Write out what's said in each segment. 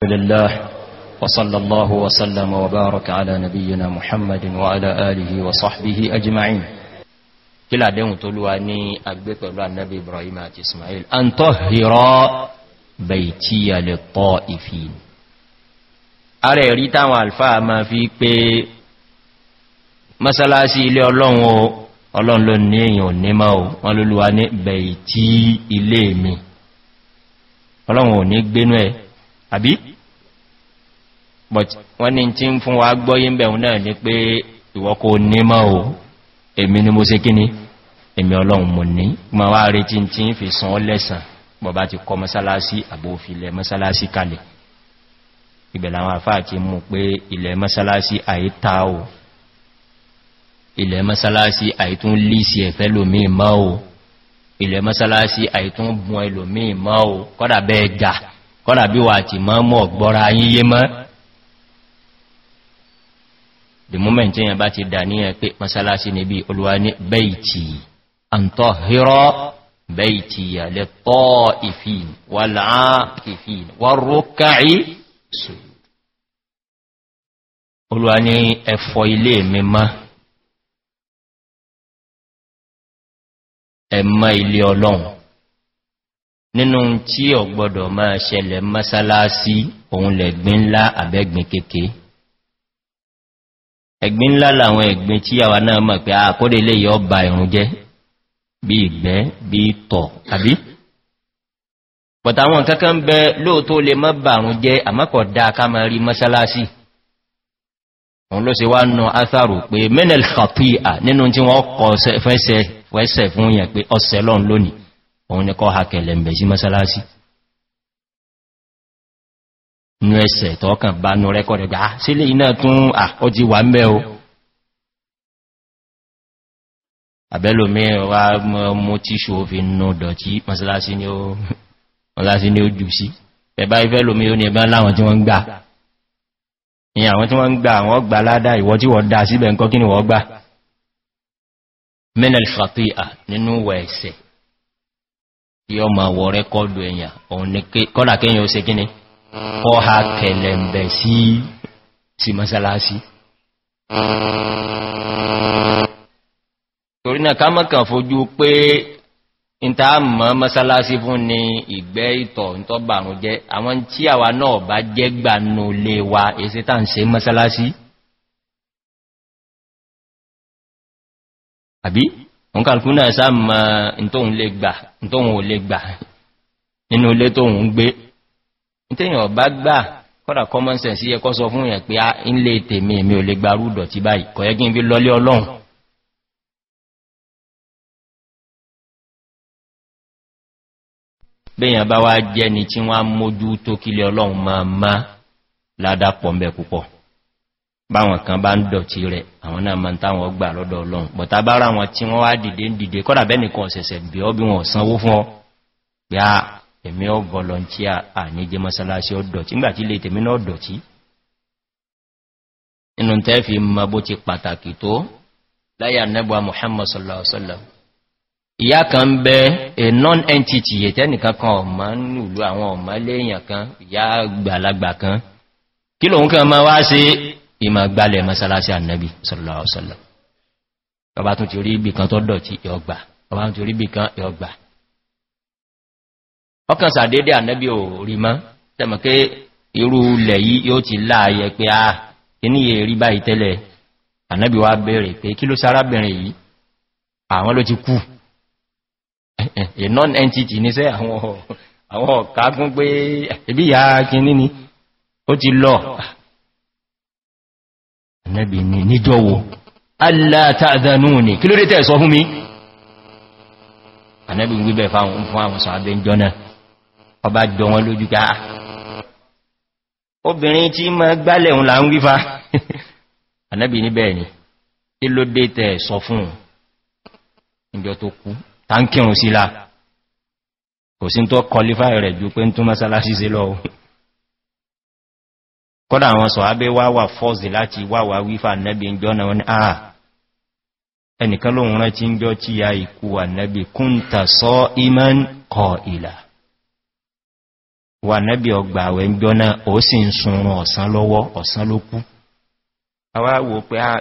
الحمد لله وصلى الله وسلم وبارك على نبينا محمد وعلى آله وصحبه أجمعين كلا دين تلواني أكبر الله النبي إبراهيم إسماعيل أن طهر بيتي للطائفين أرى ريتا والفا ما فيك بي مسلاسي إلي الله الله لنين ونمو وللواني بيتي إلي مي الله ونقبنوه أبي but wọ́n ni tí ń fún wa gbọ́yí ń bẹ̀rún náà ní pé ìwọ́kò nímọ̀ o èmi ni mo sé kí ní èmi ọlọ́run mo ní ma wá rí tí tí ń fi san lẹ́sàn bọ̀bá ti kọ mọ́sálásí àbófilẹ̀ mọ́sálásí kalẹ̀ kọ́dà bẹ́ẹ̀ jà kọ́dà bí wà ti mọ́ mọ́ gbọ́ra yíyé mọ́ the moment yẹn bá ti dà níyàn pé masalasi níbi olúwa ní bẹ́ìtì àntọ́ hírọ́ bẹ́ìtì yàlẹ̀ tọ́ ìfìn wà láàkìfìn wà rókàí sù olúwa ní ẹ̀fọ́ ilé mímá ẹ̀mọ́ ilé ọlọ́run nínú tí ọ̀gbọ́dọ̀ máa ṣẹlẹ̀ masalasi òun lẹ̀gbín àbẹ́gbìn kéèkéé ẹ̀gbin ńlá làwọn ẹ̀gbin tí àwà náà mọ̀ pé àkódé ah, lè yọ ọba ìrùn jẹ́ bí ìgbẹ́ bí tọ̀ àbí pọ̀tà àwọn kankan bẹ lóòtó lè mọ́ bà àrùn jẹ́ àmọ́kọ̀ dá ká máa ló se wá nà átàrù pé pé inú ẹsẹ̀ tọ́kàn bá nú rẹ́kọ̀dẹ̀ gbá ah, sílé iná tún àkọ́jí wà mẹ́ o àbẹ́lòmí wa mú tíṣù òfin nù dọ̀tí mọ́sílásí ni ó jù sí ẹ̀bá ìfẹ́lòmí ó ní ẹbá láwọn tí wọ́n gbà ní àwọn tí wọ́n gbà wọ́n gbà ládá ìwọ́ tí wọ́n dá síbẹ̀ nǹkan kí ni wọ́n gbà mẹ́nà ìfàtíà nínú wẹ̀ ẹ̀sẹ̀ tí ọmọ wọ̀ rẹ́kọ́dù èèyàn òun ní kọ́dà kọ́ ha kẹlẹ̀m̀bẹ̀ sí sí masalasi torí náà ká mọ́kàn fojú pé ìta mọ́ masalasi fún ni ìgbẹ́ ìtọ̀ tó bàrún jẹ́ àwọn tí àwa náà bá jẹ́ gbànú lè wa èsì tàà ń se masalasi àbí òun kàlùkún náà sáà mọ́ ìtóhun lè gbà nínú ilé tóhun gbé tíyàn bá gbà kọ́dà common sense yẹ kọ́ sọ fún yẹn pé a ń lè tèmi èmi ò lè gba rúdọ̀ báyìí kọ̀yẹ́ kí n ọlọ́run béèyàn bá wá jẹ́ ni tí wọ́n á mójú tó kílẹ̀ ọlọ́run má ládàpọ̀ mẹ́ púpọ̀ báwọn kan bá ń dọ̀tí rẹ̀ àwọn náà máa ń táwọn gbà lọ́dọ̀ ọlọ́run wọn tí wọ́n èmi ọ vọlọ̀ntí jẹ masalasi ọdọ̀tí nígbàtí lè tèmi náà dọ̀tí inú tẹ́ fi ma bó ti pàtàkì tó láyà nẹ́bà muhammad sallallahu alaihi wasallam ìyá kan bẹ a non-entity yẹtẹ́nìkan kan ọ̀mọ́ nílùú àwọn ọ̀mọ́ léèyàn kan ìyá gbàlagbà kan kí lòun kan ma wá sí ìmọ̀ masalasi annabi sallallahu alaihi wasallam ọba tún ti rí ibì kan tó dọ̀tí ọkàn sàdédé ànẹ́bí ò rí mọ́ tẹ́mọ̀ irú ilẹ̀ yìí yóò ti láàyẹ pé a ah, iníyè rí báyìí tẹ́lẹ̀ ànẹ́bí wá bèèrè pé kí ló sárábìnrin yìí àwọn ló ti kú a non-entity ní sẹ́ àwọn ọ̀kágún pé ya kìíní ni ó ti lọ ànẹ́bí ni kí sọ fún mi ànẹ́bí ń gbé bẹ̀ fáwọn fún àwọn ọba jọ wọn lójú ká obìnrin tí ma gbálẹ̀ òun là ń wífà ànábì níbẹ̀ ni tí ló dé tẹ̀ sọ fún ìjọ tó kú tánkírùn sílá kò sí tó kọlífà rẹ̀ ju pé ń tún mọ́sálásí sí lọ kọ́dà àwọn sọ abẹ́ wá wà fọ́ọ̀sì láti wá wà wífà ànábì ìjọ náà ní àà ah, ẹnìkan lóhun rántí ń jọ tí ya ìkú ànábì kúntà sọ iman kọ ìlà wà nẹ́bí ọgbà àwẹ̀ ń jọ náà ó sì ń sunrun ọ̀sán lọ́wọ́ ọ̀sán ló kú àwá wò pé ah,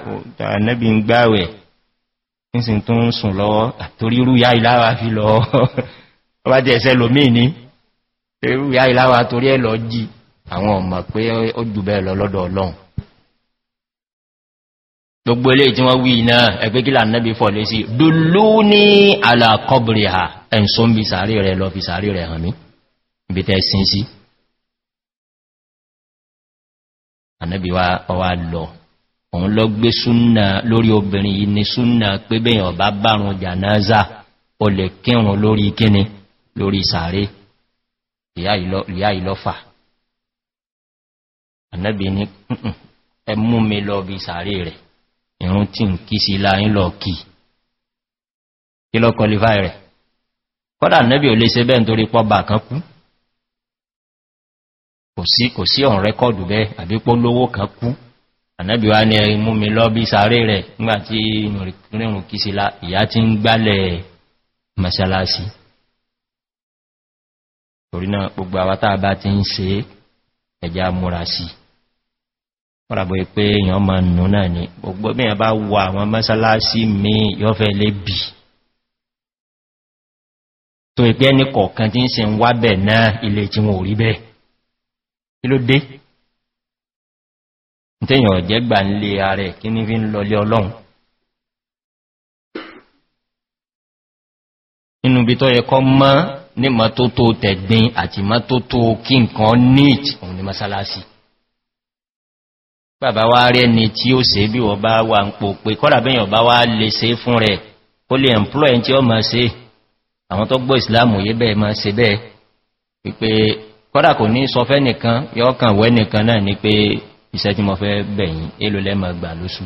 nẹ́bí ń gbáwẹ̀ ń sì tún ń sùn lọ́wọ́ torí rúyá ìláwà fi lọ ọba jẹ́ ẹsẹ́ lómí ní rúyá ìláwà torí ẹ lọ jí àwọn ọmọ pé ó jù bẹ́ẹ̀ lọ gbogbo ilé tí wọ́n wí náà ẹgbẹ́ kí lànàbí fọ́ sí dùlú ní àlàkọ́bìnrin à ẹ̀ǹsọ́mbì sàárè rẹ̀ lọ fi sàárè rẹ̀ hàn mí ibi tẹ́ sin sí ànábì wa ọwà lọ òun lọ gbé súnnà lórí obìnrin yìí ni súnnà pé bẹ́yàn ọba bárun jànáza o lè kírun lórí kíni lórí sàárè ìyá ìlọ́fà ànábì ní ẹmú mi lọ bí sàárè rẹ̀ ìrún tí ń kí sí láyín lọ kí kí lọ́kọlífà rẹ̀ kọ́dà ànábì ò lè ṣe bẹ́ẹ̀ nítorí pọ́bà kan kú kò sí ọ̀n rẹ́kọ̀dù bẹ́ àbí pó lówó kan kú ànábí wá ní ẹmú mi lọ bí sáré rẹ̀ nígbàtí rìnrìn kí sí ìyá tí ń gbálẹ̀ masalasi torí náà gbogbo àwátá bá ti ń se ẹja múra sí pọ́làbọ̀ pé èèyàn ma nù náà ni gbogbo bí i bá wọ àwọn masalasi mi yọ́fẹ́ lé bì tó ìpẹ́ ní kọ̀ọ̀kan tí ń se ń wábẹ̀ náà ilé tí wọn ò rí bẹ́ẹ̀ kí ló dé tíyàn ọ̀jẹ́ gbà ń lè ààrẹ kí ní fi ń lọlé ọlọ́run inú bí tó yẹ mọ́ ní mọ́tótó tẹ̀gbìn àti mọ́tótó kí nǹkan neat òun ni masalasi bàbá wá rẹ̀ ni tí ó se bí wọ́n bá wà ń pò pé kọ́lá bẹ́yàn bá wá lè se fún rẹ̀ ó lè employ tí ó mọ́ se àwọn tó gbọ́ ìsìláàmù yé bẹ́ẹ̀ mọ́ se bẹ́ẹ̀ wípé kọ́dà kò ní sọ fẹ́ nìkan yọ́ kàn wẹ́ nìkan náà ni pé iṣẹ́ tí mo fẹ́ bẹ̀yìn èlò lẹ́mọ̀ gbà lóṣù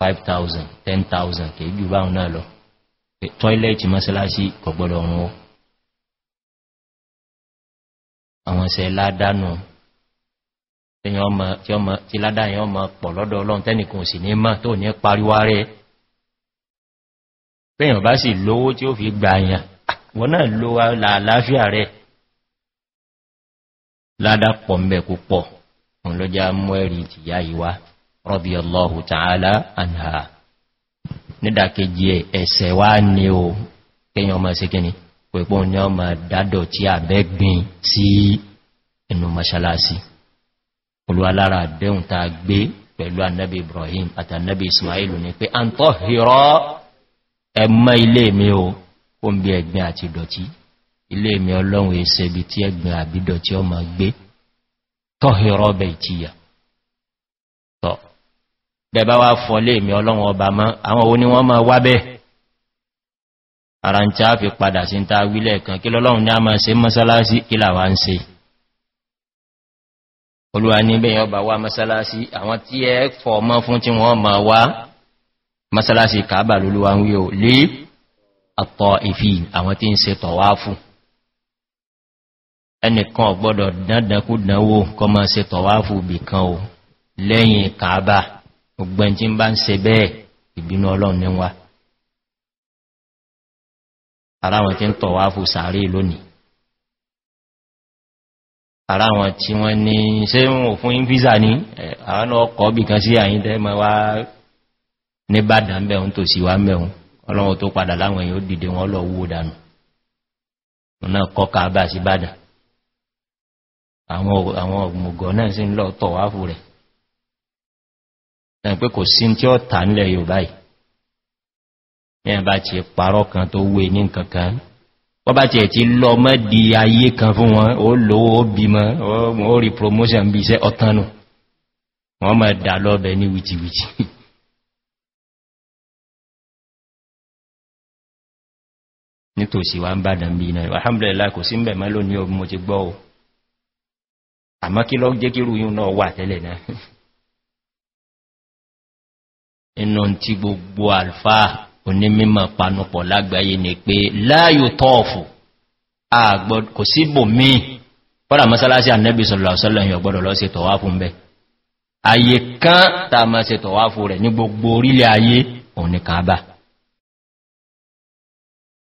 5,000 10,000 kìí jù báhùn náà lọ tọ́ílẹ̀tì mọ́sílásí kọ̀gbọ́dọ̀ ọ̀run ó àwọn ṣe ládánù tí ládáyàn ọmọ pọ̀ lọ́dọ̀ ọlọ́run tẹ́nìkan sì ní mọ́ tó ní pariwá pẹ́yàn bá sì lówó tí ó fi gbà yàn ah, wọ́n náà lówó làlàáfíà rẹ̀ ládàpọ̀ mẹ́ púpọ̀ òun ló já mọ́ ẹ̀rí ti yá ìwá rọ́bí ọlọ́hù tààlá àníhà nídàkejì ẹ̀ẹ̀sẹ̀ wá ní o kíyàn ọmọ sí kíni pẹ̀pọ̀ ní ọmọ dádọ̀ tí àbẹ́gbìn sí ẹnu mọ́ṣálásí olúwalára àdéhùn ta gbé pẹ̀lú annabi ibrahim àtànnabi ismail ní pé àntọ́ hìrọ́ ẹmọ ilé mi o ó ń bí ẹgbẹ́ àti dọ̀tí ilé mi ọlọ́run èsẹ̀ ibi tí ẹgbìn àbídọ̀ tí ọmọ gbé tọ́hìrọ ọbẹ̀ ìtìyà tọ́ bẹ̀bá wá fọ́ lé mi ọlọ́run ọba mọ́ àwọn owó ni wọ́n máa wá bẹ́ ara ń tí a fi padà sí ta wílẹ̀ kan kí lọ́lọ́run ní a máa se mọ́sálásí kílà wá ń se olúwa ní bẹ́yàn ọba wá mọ́sálásí àwọn tí ẹ fọ́ mọ́ fún tí wọ́n máa wá mọ́sálásí kàábà lólúwa ń wí ò lé àtọ̀ ìfì àwọn tí ń se tọ̀ wá fún ẹnìkan ọ̀gbọ́dọ̀ dándakú dánwò kọ máa se tọ̀wáfù bì kan o lẹ́yìn kàábà ọgbẹ̀n tí ń bá ń se bẹ́ẹ̀ ìbínú ọlọ́run ní wá ara wọn tí ń tọ̀wáfù sàárè lónìí ara wọn tí wọ́n ní ṣe wọ́n fún invisa ní àwọn ọkọ̀ bì kan sí àyín mọ́ wá ní bàdà mẹ́un tó sì wá mẹ́un ọlọ́run tó padà láwọn èèyàn ó dìde wọn lọ wó dànù wọn náà kọ́ kàábà sí bàdàn àwọn ọ̀gbùngọ̀ náà sí lọ tọ̀ wá fún rẹ̀ náà pé kò sí tí ó tà nílẹ̀ yorùbá yìí mẹ́rin bá ti parọ́ kan tó wé ní kankan wọ́n bá ti ẹ̀ ti lọ mọ́ di ayé kan fún wọn ó lówó ó bímọ́ ó rí promotion bí iṣẹ́ ọ̀tánù wọ́n mọ̀ dà lọ́bẹ̀ ní wìtìwìtì nítòsí wa ń bá dàn bí náà alhamdulillah kò sí mẹ́ mọ́ lónìí ọgbọ́n ti gbọ́ àmọ́ kí lọ jẹ́ kírù yíò náà wà tẹ́lẹ̀ náà inú tí gbogbo alfa onímọ̀ panupọ̀ lágbàáyé ni pé láàyò tọ́ọ̀fù kò síbò míì fọ́nà mọ́sálásí ànẹ́bì sọ̀lọ̀sọ́lọ̀ yìí ọgbọ́dọ̀ lọ sí tọ̀wá fún bẹ́ àyè kán tàà mọ́ sí tọ̀wá fún rẹ̀ ní gbogbo orílẹ̀ ayé òun ni kàábà